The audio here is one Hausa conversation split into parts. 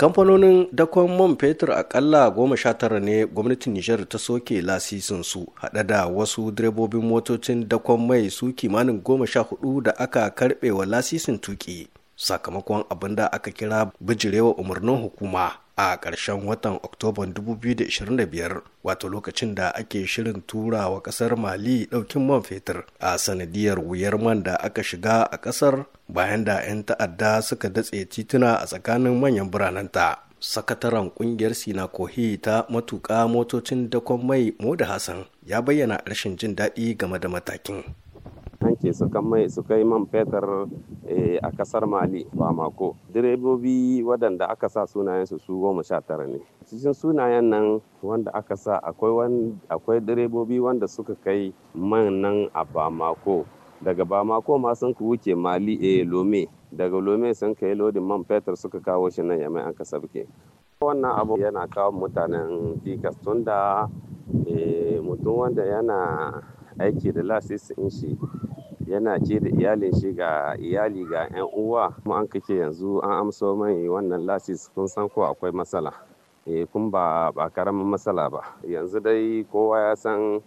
kamfanonin dakon man fetur akalla goma sha tara ne gwamnatin nijar ta soke lasisin su haɗe da wasu direbobin motocin dakon mai su kimanin goma sha hudu da aka karbe wa lasisin tuki sakamakon abin da aka kira bijirewa umarnin hukuma a ƙarshen watan oktoban 2025 wato lokacin da ake shirin tura wa ƙasar mali ɗaukin man fetur a sanadiyar wuyar man da aka shiga a ƙasar bayan da 'yan ta'adda suka datse tituna a tsakanin manyan biranenta sakataren kungiyar sinakohi ta matuƙa motocin dakon mai moda hassan ya bayyana rashin jin daɗi game da matakin ke su kai man fetur eh, a kasar mali mako direbobi waɗanda aka sa sunayen su su goma sha tara ne cikin sunayen nan wanda aka sa akwai direbobi wanda suka kai man nan a bamako daga bamako ma sun wuce mali a eh, lome daga lome sun kai lodin man fetur suka kawo shi nan yamai an kasabke wannan abu yana kawo mutanen tun tunda eh, mutum wanda yana aiki da in shi yana ce da iyalin shi ga iyali ga 'yan uwa kuma an kake yanzu an amsa mai wannan lasis kun san ko akwai matsala e kun ba ba karamin matsala ba yanzu dai kowa ya san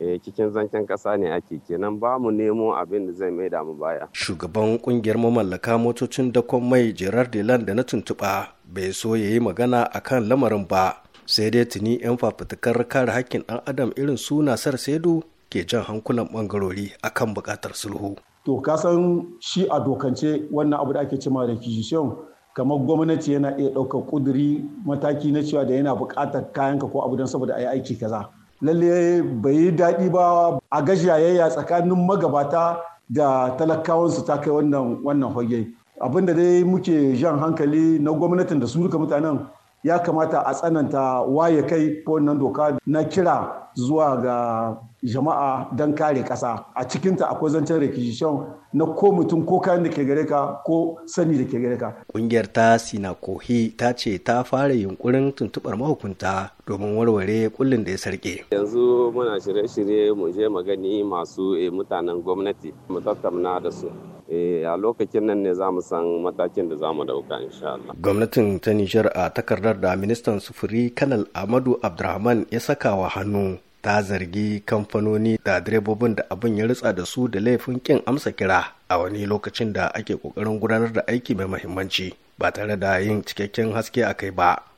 eh, cikin zancen ƙasa ne ake kenan ba mu nemo abin da zai maida mu baya. Shugaban kungiyar mamallaka motocin dakon mai Gerard Delan da na tuntuba bai so ya yi magana akan lamarin ba sai dai tuni 'yan fafutukar kare hakkin ɗan adam irin su Nasar Saidu ke jan hankulan bangarori akan bukatar sulhu. To kasan shi a dokance wannan abu da ake cima requisition kamar gwamnati yana iya ɗaukar kuduri mataki na cewa da yana buƙatar ka ko abu don saboda a yi aiki kaza. Lalle bai yi daɗi ba a gajiyayya tsakanin magabata da talakawansu ta kai wannan wannan fage. Abin da dai muke jan hankali na gwamnatin da su duka mutanen ya kamata a tsananta waye kai ko nan doka na kira zuwa ga jama'a don kare ƙasa a cikinta akwai zancen rikishishon na ko mutum ko kayan da ke gare ka ko sani da ke gare ka. Ƙungiyar ta Sinakohi ta ce ta fara yunkurin tuntuɓar mahukunta domin warware kullum da ya sarke. Yanzu muna shirye-shirye mu je magani masu eh, mutanen gwamnati mu tattauna da su. Eh, a lokacin nan ne za mu san matakin da za mu dauka insha Allah. Gwamnatin ta Nijar a takardar da ministan sufuri Kanal Amadu Abdurrahman ya saka wa hannu ta zargi kamfanoni da direbobin da abin ya ritsa da su da laifin kin amsa kira a wani lokacin da ake kokarin gudanar da aiki mai muhimmanci ba tare da yin cikakken haske a kai ba.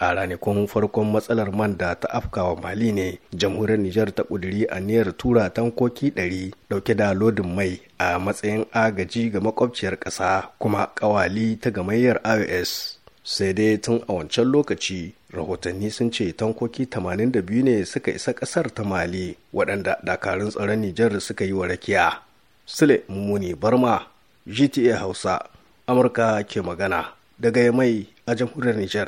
a ranakun farkon matsalar man da ta afkawa mali ne jamhuriyar nijar ta kuduri aniyar tura tankoki 100 dauke da lodin mai a matsayin agaji ga makwabciyar ƙasa kuma kawali ta gamayyar ios sai dai tun a wancan lokaci rahotanni sun ce tankoki 82 ne suka isa ƙasar ta mali waɗanda dakarun tsaron nijar suka yi wa rakiya sule mummuni barma gta hausa amurka ke magana daga mai a jamhuriyar nijar